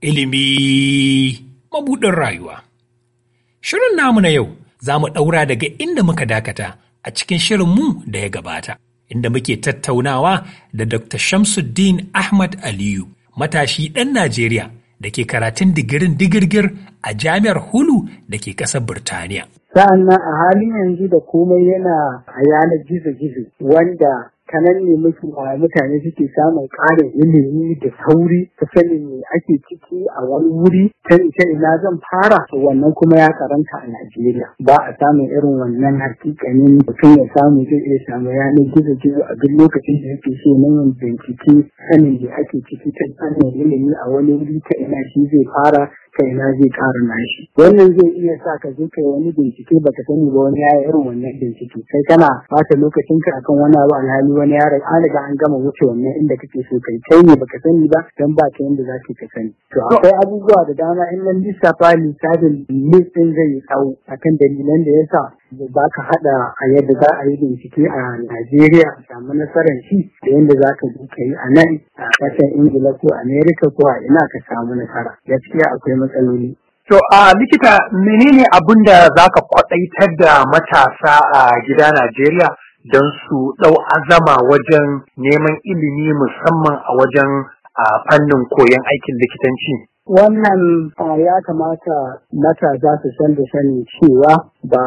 ilimi mabuɗin rayuwa. Shirin namu na yau za mu ɗaura daga inda muka dakata a cikin shirin mu da ya gabata, inda muke tattaunawa da Dr. Shamsuddin Ahmad Aliyu, matashi ɗan Najeriya da ke karatun digirin digirgir a jami'ar Hulu da ke ƙasar Birtaniya. Sa'an nan a halin yanzu da komai yana a yanar gizo-gizo wanda ta nan ne mutane suke samun ƙarin ilimi da sauri ta sani me ake ciki a wani wuri ta ina zan fara wannan kuma ya karanta a Najeriya ba a samun irin wannan hakikanin mutum ya samu zai iya samu yanar gizo gizo a duk lokacin da yake so na yin bincike sanin da ake ciki ta fannin ilimi a wani wuri ta ina shi zai fara kai na zai ƙara nashi wannan zai iya sa ka je kai wani bincike baka sani ba wani ya irin wannan bincike kai kana bata ka akan wani abu alhali wani yaran. an riga an gama wuce wannan inda kake so kai kai ne baka sani ba dan ba ka yanda zaka ka sani to akwai abubuwa da dama in nan lissafa lissafin list din zai yi tsawo akan dalilan da yasa za ka haɗa a yadda za a yi bincike a Najeriya a samu nasarar shi da yadda za ka je ka yi a nan a ƙasar Ingila ko Amerika ko a ina ka samu nasara. Gaskiya akwai matsaloli. To a likita menene abin da za ka kwaɗaitar da matasa a gida Najeriya don su ɗau azama wajen neman ilimi musamman a wajen a fannin koyon aikin likitanci? Wannan a ah, ya kamata matasa su san da sani cewa ba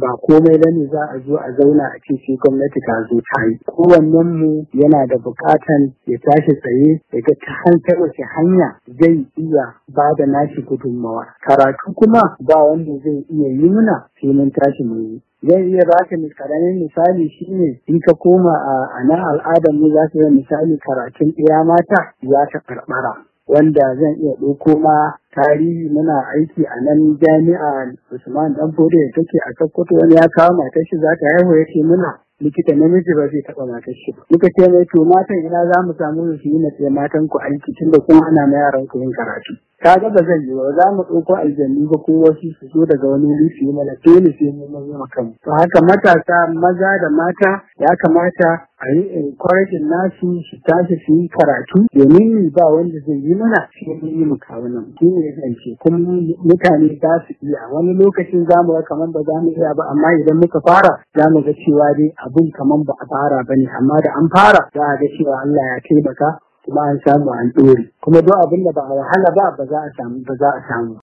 ba komai bane ne za a zo a zauna a ce gwamnati ta zo ta yi. Kowannen mu yana da bukatan ya tashi tsaye daga ta hantar wace hanya zai iya ba da nashi gudunmawa. Karatu kuma ba wanda zai iya yi nuna sai tashi mu yi. zan iya ba ka karamin misali shine in ka koma ah, a nan al'adar mu za ka yi misali karatun ɗaya mata ya ta karɓara wanda zan iya ɗauko ma tarihi muna aiki a nan jami'a Usman Danfodi da take a Sokoto wani ya kawo matar shi za ta haihu ya ce muna likita namiji ba zai taɓa matar shi ba. Muka ce mai to matan ina za mu samu su yi na matan ku aiki tunda kuma ana ma yaran yin karatu. kaga ba zan yi ba za mu ɗauko aljanni ba ko wasu su zo daga wani wuri su yi mana dole sai mu mun kanmu to haka matasa maza da mata ya kamata a yi encouraging nasu su tashi su yi karatu domin ba wanda zai yi mana sai mun yi kawo wannan shi ne zance kuma mutane za su iya wani lokacin za mu ga kamar ba za mu iya ba amma idan muka fara za mu ga cewa dai abin kamar ba a fara ba ne amma da an fara za a ga cewa Allah ya taimaka kuma an samu an ɗore kuma duk abin da ba a wahala ba ba za a samu ba za a samu